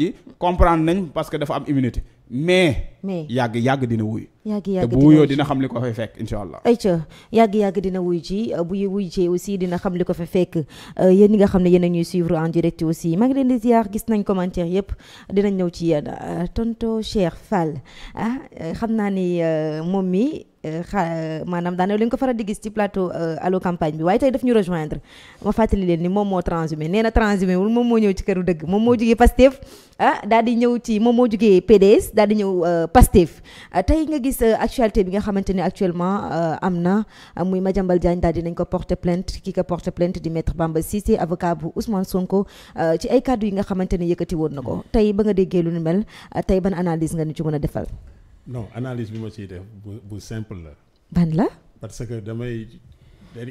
ji comprendre nañ parce que dafa am immunité mais. mais yàgg yàgg dina wuy. yàgg yàgg dina wuy te bu wuyoo dina xam li ko fay fekk incha allah. ayca yàgg yàgg dina wuy ji bu wuy ji aussi dina xam li ko fa fekk euh, yéen ñi nga xam ne yéen a ñuy suivre en direct aussi maa ngi leen di ziar gis nañ commentaire yëpp dinañ ñëw ci yéen euh, tonto Cheikh Fall ah euh, xam naa ni moom mi. xa maanaam daanaka li nga ko faral di gis ci plateau euh, allo campagne bi waaye tey def ñu rejoindre ma fàttali leen ni moom moo transhumé nee na transhumé wul moom moo ñëw ci këru dëgg moom moo jugee Pastef ah daal di ñëw ci moom moo jugee PDS daal di ñëw euh, Pastef ah, tey nga gis euh, actualité bi nga xamante ne actuellement am na ah, muy Madiambal Diagne daal di nañ ko porter plainte ki ko porter plainte di maître Bamba Cissé avocat bu Ousmane Sonko ci ay kàddu yi nga xamante ne yëkkati woon na ko mm. tey ba nga déggee lu nu mel ah, tey ban analyse nga ñu ci mën a defal. non analise bi ma ciy def bu bu simple la. ban la. parce que damay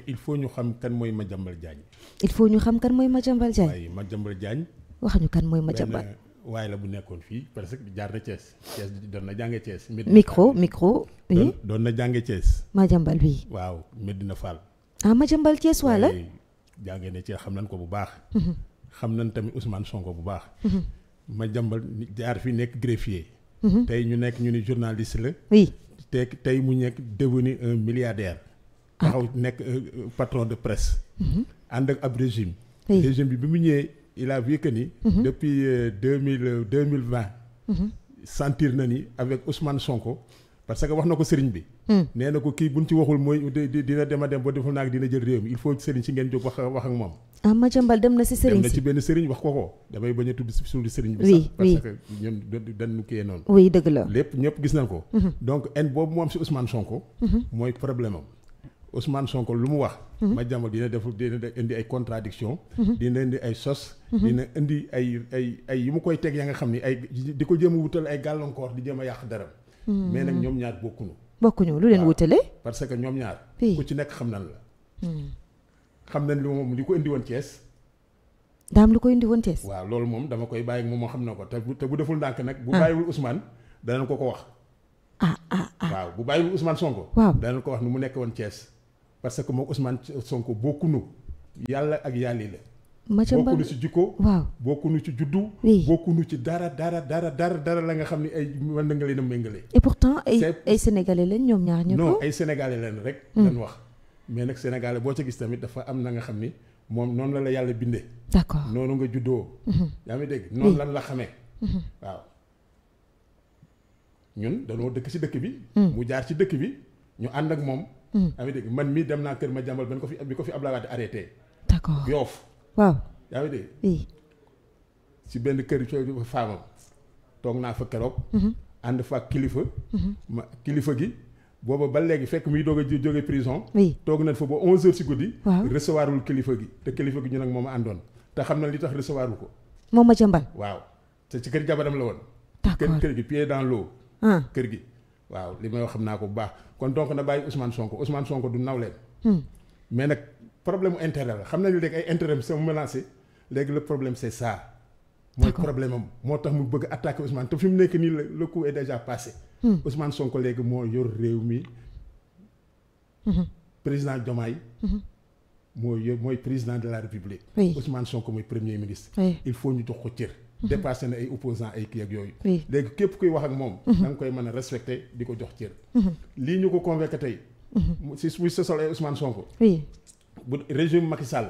il faut ñu xam kan mooy Madiambal Diagne. il faut ñu xam kan mooy Madiambal Diagne. waaye Madiambal Diagne. wax ñu kan mooy Madiambal. waaye la bu nekkoon fii parce que jaar na Thiès. Thiès doon na jànge Thiès. micro micro. oui doon na jànge Thiès. Madiambal bi. waaw Medina Fall. ah Madiambal waa la. jàngee na Thiès xam nañ ko bu baax. Mhm. xam nañ tamit Ousmane Sonko bu baax. ma mhm. Madiambal jaar fi nekk greffier. Mhm. tey ñu nekk ñu ni journaliste la. oui te tey mu nekk devenu un milliardaire. Ah. taxaw nekk euh, patron de presse. Mhm. ànd ak ab régime. régime bi bi mu ñëwee il bi vu que ni. Mhm. depuis euh, deux mille euh, deux mille vingt. sentir na ni avec Ousmane Sonko. parce que wax na ko sëriñ bi hmm. nee na ko kii buñ ci waxul mooy dina dem dem ba deful naag dina jël réew mi il faut sëriñ si ngeen jóg wax wax ak moom ah Madiambal dem na si sëriñ si benn sëriñ wax ko ko damay bañ a tudd suñu sëriñ bi sax parce que ñun dañu kiyee noonu oui dëgg la lépp ñëpp gis nañ ko mhm. donc en boobu mu am si Ousmane Sonko mhm. mooy problème am Sonko lu mu wax mhm. Madiambal dina def dina indi ay contradiction dina indi ay sos dina indi ay ay koy teg ya nga xam ni ay di ko a wutal ay gàllankoor di jéem a yàq dara mais nag hmm. ñoom ñaar bokkuñu. bokkuñu lu leen wutale. parce que ñoom ñaar. ku ci nekk xam nan la. Hmm. xam nañ li moom li ko indi cees Thiès. daam lu ko indi woon Thiès. waaw loolu moom dama koy bàyyi moom moo xam na ko te bu te bu deful ndànk nag. bu ah. bàyyiwul Ousmane danañ ko ko wax. Ah, ah, ah waaw bu bàyyiwul Ousmane Sonko. waaw danañ ko wax nu mu nekk woon Thiès. parce que moom usmaan Sonko bokkuñu. yàlla ak yàlli la. macha ba bokkuñu ci jikko. waaw bokkuñu ci juddu. oui bokkuñu ci dara dara dara dara dara la nga xam ne ay mën na nga leen a méngale. et pourtant ay ay sénégalais lañ ñoom ñaar ñëpp. non ay sénégalais lañ rek. Hmm. wax mais nag sénégalais boo ca gis tamit dafa am na nga xam ni moom noonu la la yàlla bindee. d'accord noonu nga juddoo. Hmm. yaa ngi dégg noonu lan la xamee. Hmm. waaw ñun dañoo dëkk ci dëkk bi. mu jaar ci dëkk bi ñu ànd ak moom. man mii dem naa kër ma jàmbal ban ko fi bi ko fi Abdoulaye Wade arrêté. waaw yaa ngi dégg si benn kër cooy faamam toog naa fa keroog mhm. ànd fa kilifa mhm. ma kilifa gi booba ba léegi fekk muy doog a jóge prison toog nañ fa ba onze heures si guddi recevoirul kilifa gi te kilifa gi ñu nag moom a àndoon te xam na li tax recevoirul ko moom ma jëmbal waaw te ci kër jabaram la woon kër kër gi pied dans l'eau ah. kër gi waaw li may wax xam naa ko bu baax kon donc na bàyyi Ousmane Sonko Ousmane Sonko du nawleen hmm. mais problème mu intérêt la xam nañu léegi ay intérêt am sama menacé léegi le problème c' est ça. mooy problème moo tax mu bëgg attaquer Ousmane te fi mu nekk nii la le coup est déjà passé. Hmm. Ousmane Sonko moo yor réew mi. Hmm. président Diomaye. Hmm. moo yor mooy président de la République. Oui. Ousmane Sonko mooy premier ministre. il faut ñu jox ko cër. dépassé na ay opposants ay kii ak yooyu. léegi képp kuy wax ak moom. da nga koy mën a respecté di ko jox cër. lii ñu ko convoqué tey. si muy ay Ousmane Sonko. bu régime Macky Sall.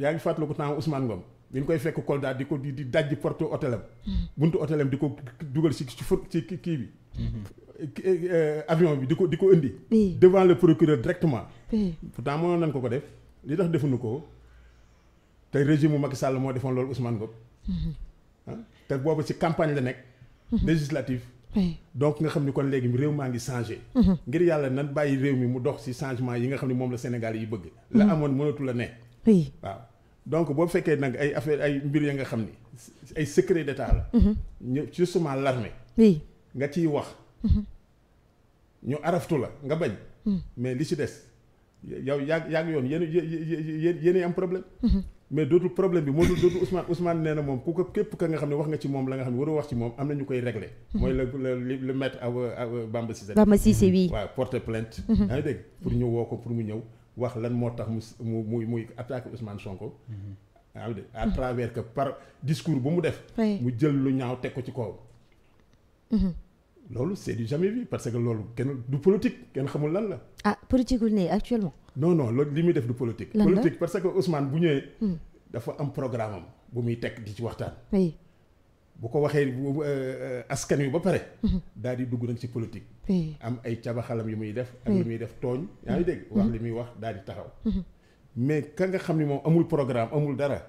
yaa ngi fàttaliku temps Ousmane Ngom. bi ñu koy fekk Kolda di ko di di dajji porte hôtelam. buntu hôtelam di ko dugal ci ci ci kii bi. Eh, avion bi di ko di ko indi. devant le procureur directement. pourtant mënoon nañ ko ko def li tax defuñu ko te régime Macky Sall moo defoon loolu Ousmane Ngom. Mhm. Ah? te boobu ci campagne la nekk. Mhm. législative. donc nga xam ni kon léegi réew maa ngi changé mhm. ngir yàlla nan bàyyi réew mi mu dox ci changement yi nga xam ne moom la Sénégal yi bëgg la mhm. amoon mënatu la ne waaw donc boo fekkee nag ay affaire ay mbir ya nga xam ni ay secret d'état la mhm. ñu justement l'armée nga ciy wax ñu araftu la nga bañ mais li ci des yow yàgg yàgg yoon yéen yéen yéen am problème. mais dootul problème bi moo dul dootul Ousmane Ousmane nee na moom ku ko képp ka nga xam ne wax nga ci moom la nga xam ne am na ñu koy régler. Mhm. mooy la la le maître aw aw waaw porter plainte. Mhm. yaa ngi pour ñu woo ko pour mu ñëw wax lan moo tax mu mu muy attaqué Ousmane Sonko. Mhm. yaa ngi dégg à travers que par discours bu mu def. mu jël lu ñaaw teg ko ci kawam. loolu c'est du jamais vu parce que loolu kenn du politique kenn xamul lan la. ah politique wul ne actuellement. non loolu li muy def du politique. politique parce que Ousmane bu ñëwee. Hmm. dafa am programme am bu muy teg di ci waxtaan. oui bu ko waxee euh, askan wi ba pare. Hmm. daal di dugg nag ci politique. am ay cabaxalam yu muy def. ak lu muy def tooñ. yaa ngi dégg hmm. wax li muy wax daal di taxaw. mais ka nga xam ni moom amul programme amul dara.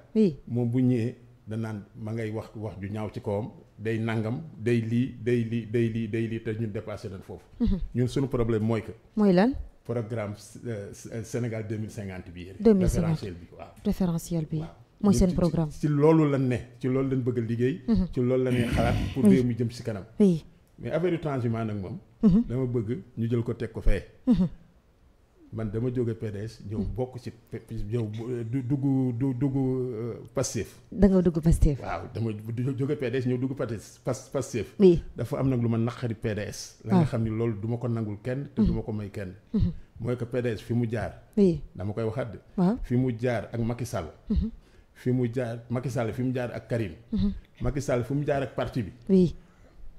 moom bu ñëwee. danaan ma ngay wax wax ju ñaaw ci kawam day nangam day lii day lii day lii day lii te ñun dépassé nañ foofu. Mhm. ñun suñu problème mooy que. mooy lan. programme euh, Sénégal deux mille cinquante bi. deux mille cinquante référentiel bi waaw. référentiel bi mooy seen programme. ci loolu lan ne ci loolu lañ bëgg a liggéey. Mhm. ci loolu lañ xalaat pour réew mi jëm si kanam. mais affaire yu transhumance nag moom. Mhm. dama bëgg ñu jël ko teg ko fee. man dama jóge PDS ñëw hmm. bokk ci ñëw eh, dugg du dugg eh, Pastef da nga dugg Pastef waaw dama jóge PDS ñëw dugg Pastef Pastef dafa am nag lu ma naqari PDS la nga ah. xam ni loolu du ma ko nangul kenn te hmm. du ma ko may kenn hmm. mooy que PDS fi mu jaar dama koy waxaat de fi mu jaar ak Macky Sall fi mu jaar Macky Sall fi mu jaar ak Karim Macky fi mu jaar ak parti bi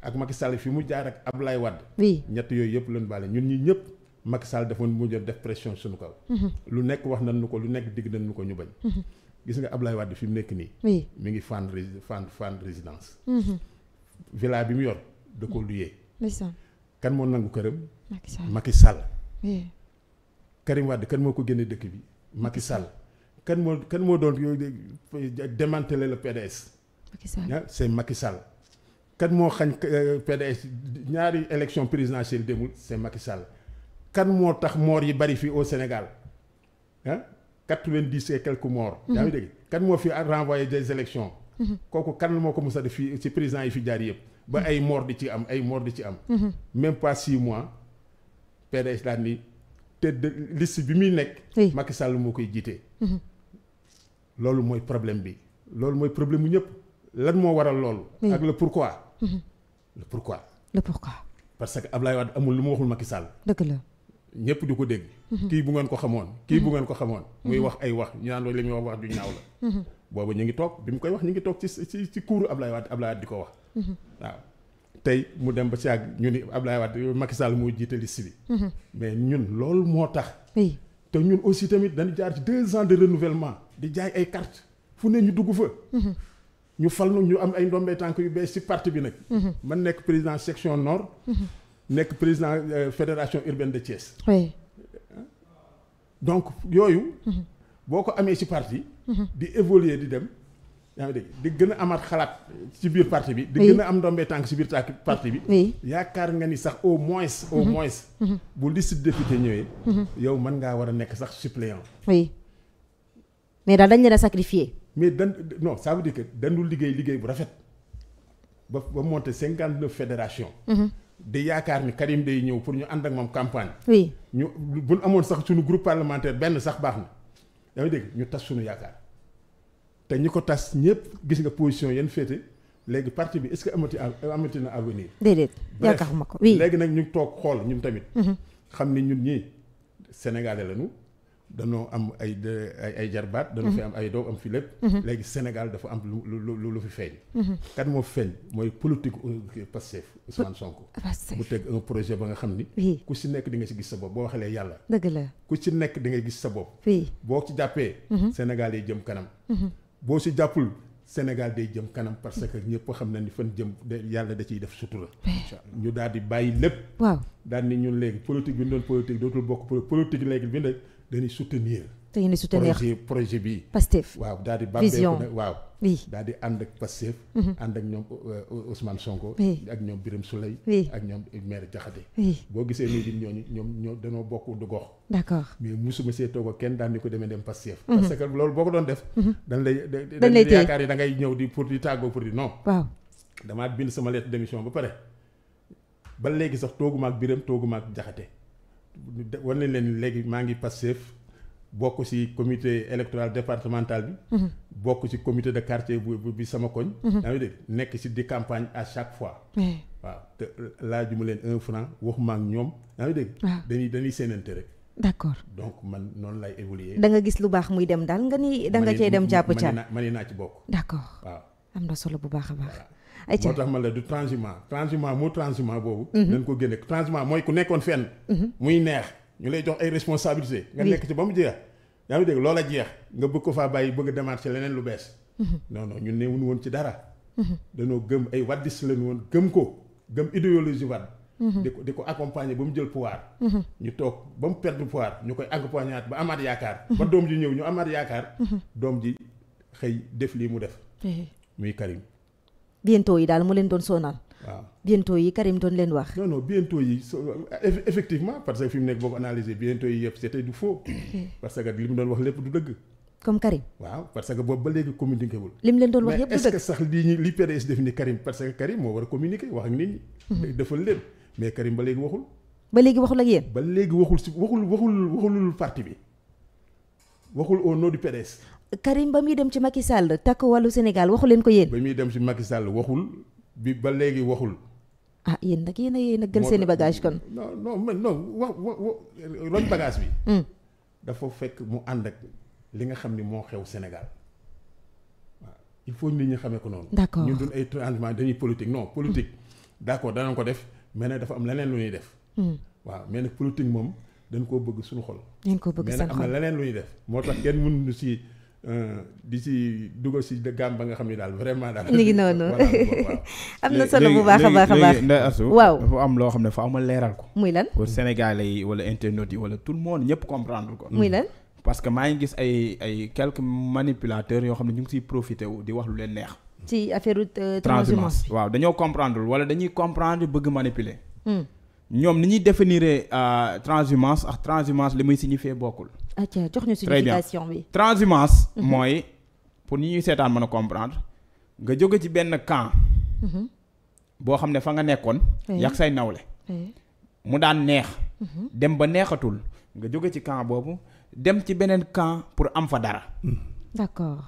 ak Macky Sall fi mu jaar ak Abdoulaye Wade ñett yooyu yëpp lañ baale ñun ñi ñëpp Macky Sall dafa mu jël def pression suñu kaw. Mhm. lu nekk wax nañ nu ko lu nekk digg nañ nu ko ñu bañ. Mhm. gis nga Ablaye Wade fi mu nekk nii. oui mi ngi Fann Fann Fann résidence. Mhm. villa bi mu yor da ko luyee. kan moo nangu këram. Macky Sall moo ko dëkk bi Macky Sall. kan moo kan moo doon démanteler le PDS. Macky Sall ah moo xañ euh, PDS ñaari élection présidentielle demul c' est kan moo tax moor yi bari fii au Sénégal ah quatre-vingt-dix et quelques morts. Mhm. yaa dégg kan moo fi renvoyé de élections mhm. kooku kan moo ko mos a def fii ci président yi fi jaar yëpp. ba mhm. ay morts di ci am ay morts di ci am. même pas six mois PDS daal ni te liste bi muy nekk. Macky Sall moo koy jiite. loolu mooy problème bi. loolu mooy problème bi ñëpp lan moo waral loolu. ak le pourquoi. le pourquoi. le pourquoi. parce que Ablaye Wade amul lu mu waxul Macky ñëpp di ko dégg. Mhm. kii bu ngeen ko xamoon. kii bu mhm. ngeen ko xamoon. muy mhm. wax ay wax ñu naan loolu la ñuy wax wax du ñaaw la. boobu ñu ngi toog bi mu koy wax ñu ngi toog ci ci ci kuuru Ablaye Wade Ablaye di ko wax. waaw tey mu dem ba ci ak ñu ni Ablaye Wade Macky Sall moo jiite liste bi. mais ñun loolu moo tax. te ñun aussi tamit dañu jaar ci deux ans de renouvellement di jaay ay carte fu ne ñu dugg fa. ñu fal ñu am ay ndombee tànk yu bees ci parti bi nag. man nekk président nekk président euh, fédération urbaine de Thiès. donc yooyu. Mhm. boo ko amee ci parti. Mhm. di évoluer di dem. yaa ngi dégg di gën a amaat xalaat ci biir parti bi. di gën a am ndombee tànk ci biir tàkk parti bi. yaakaar nga ni sax au moins. au mhm. moins. bu liste député ñëwee. yow mën ngaa war a nekk sax suppléant. oui mais daal dañ leen a sacrifier. mais dan non ça veut dire que dañu liggéey liggéey bu rafet ba ba monter cinquante neuf fédération. di yaakaar ni Karim day ñëw pour ñu ànd ak moom campagne. oui ñu bu amoon sax suñu groupe parlementaire benn sax baax na. yaa dégg ñu tas suñu yaakaar te ñu ko tas ñëpp gis nga position yenn féete léegi parti bi est-ce que amati amati na avenir. déedéet yaakaaruma ko léegi nag ñu toog xool ñun tamit. Mhm. xam ni ñun ñii sénégalais lañu. danoo am ay ay jarbaat. danoo fi mhm. am ay doom am fi lépp. Mhm. léegi Sénégal dafa am lu lu lu fi feeñ. Mhm. kan moo feeñ mooy politique Pastef Ousmane Sonko. bu teg projet ba nga xam ni. ku si nekk di si gis sa bopp boo waxalee yàlla. dëgg la ku si nekk di nga gis sa bopp. boo ci jàppee. Sénégal yi jëm kanam. boo si jàppul. Sénégal day jëm kanam parce que ñëpp xam na ni fan jëm yàlla da ciy def sutura. ñu daal bàyyi lépp. waaw daal ñun léegi politique bi ñu doon politique dootul bokk politique léegi bi ne dañuy soutenir. dañuy soutenir projet projet bi. Pastef waaw daal di vision waaw. oui daal di ànd ak Pastef. Mhm. ànd ak ñoom euh, Ousmane Sonko. ak ñoom Birame Souleye. ak ñoom maire Diakhaté. boo gisee nii di ñooñu ñoom ñoo danoo bokk du gox. d' accord mais musuma see toog kenn daan ni ko demee dem Pastef. Mhm. parce que loolu boo ko doon def. Mhm. dañ lay dañ da ngay ñëw di pour di tàggoo pour di non. waaw damaa bind sama lettre d' ba pare ba léegi sax tooguma ak Birame tooguma ak Diakhaté. war nañ leen léegi maa ngi Pastef bokk ci comité électoral départemental bi. Mhm. bokk ci comité de quartier bi sama koñ. Mhm. yaa ngi nekk ci di campagne à chaque fois. waaw te laajuma leen un franc waxuma ak ñoom yaa ngi dégg. Ah. dañuy dañuy séenante rek. d'accord donc man noonu lay évoluer. da nga gis lu baax muy dem daal nga ni da nga cee dem jàpp ca. mën i ci bokk. d'accord waaw am na solo bu baax a baax. moo tax ma la du transhumant transhumant moo transhumant boobu dañ mhm. ko génne transhumant mooy ku nekkoon fenn mhm. muy neex ñu lay jox ay responsabilité nga nekk ci ba mu jeex yaa ngi dégg loola jeex nga bëgg ko faa bàyyi bëgg a démarché leneen lu bees mhm. non non ñun ci dara dañoo gëm ay waddis ko gëm idéologie wadd di ko di ko accompagner ba mu jël pouvoir ñu toog ba mu perdre pouvoir ñu koy accompagner ba amaat yaakaar ba doom ji ñëw ñu amaat yaakaar doom ji xëy def lii mu def eh. muy Karim bientôt yi daal mu leen doon sonal. waaw bientôt yi Karim doon leen wax. non non bientôt yi effectivement parce que fi mu nekk boo ko analysé bientôt yi yëpp c'était du faux. parce que li mu doon wax lépp du dëgg. comme Karim. waaw parce que boobu ba léegi communiqué wul. li mu leen doon wax yëpp du dëgg mais sax lii ñu li PDS def ni Karim parce que Karim moo war a communiquer wax ak nit ñi. Mhm. defal leen mais Karim ba léegi waxul. ba léegi waxul ak yéen. ba léegi waxul si Karim ba muy dem ci Macky Sall takk wàllu Sénégal waxu leen ko yéen. ba muy dem ci Macky Sall waxul bi ba léegi waxul. ah yéen nag yéen a yéen a gël seeni bagage kon. non non man non wa wa wa roñ bagage bi. Hmm. dafa fekk mu ànd li nga xam ni moo xew Sénégal waaw il ñi xamee ko noonu. d'accord ñun duñ ay changement dañuy politique non politique. Hmm. d'accord danañ ko def mel nag dafa am leneen lu ñuy def. Hmm. waaw mais nag politique moom dañ koo bëgg suñu xol. dañ ko bëgg seen xol mais nag am leneen lu ñuy def moo tax kenn mënuñu si. Euh, di si dugal si gàmm ba nga xam ne daal vraiment daal. ñu ngi noonu am na bu baax baax a baax Ndeye Astou am loo xam ne fa ama leeral ko. muy lan pour Sénégalais yi wala internet yi wala tout le monde ñëpp comprendre ko. muy lan. parce que maa ngi gis ay ay quelques manipulateurs yoo xam ne ñu ngi siy profité wu di wax lu leen neex. ci affaire euh, transhumance waaw dañoo comprendre wala dañuy comprendre bëgg manipuler. Hmm. ñoom ni ñuy définir euh, transhumance ak transhumance li muy signifier bokkul. atia jox ñu suñu citation bi transhumance mhm. mooy pour ni ñuy seetaan mën a comprendre nga jóge ci benn camp. Mhm. boo xam ne fa nga nekkoon. yàq say nawle. mu daan neex. Mhm. dem ba neexatul nga jóge ci camp boobu dem ci beneen camp pour am fa dara. d'accord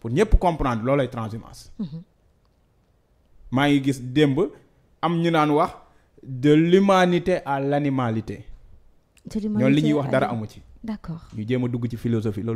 pour ñëpp comprendre loolay transhumance. maa ngi gis démb am ñu naan wax de l'humanité à l'animalité. ñoom li ñuy wax dara amu ci. d'accord ñu jéem a dugg ci philosophie loolu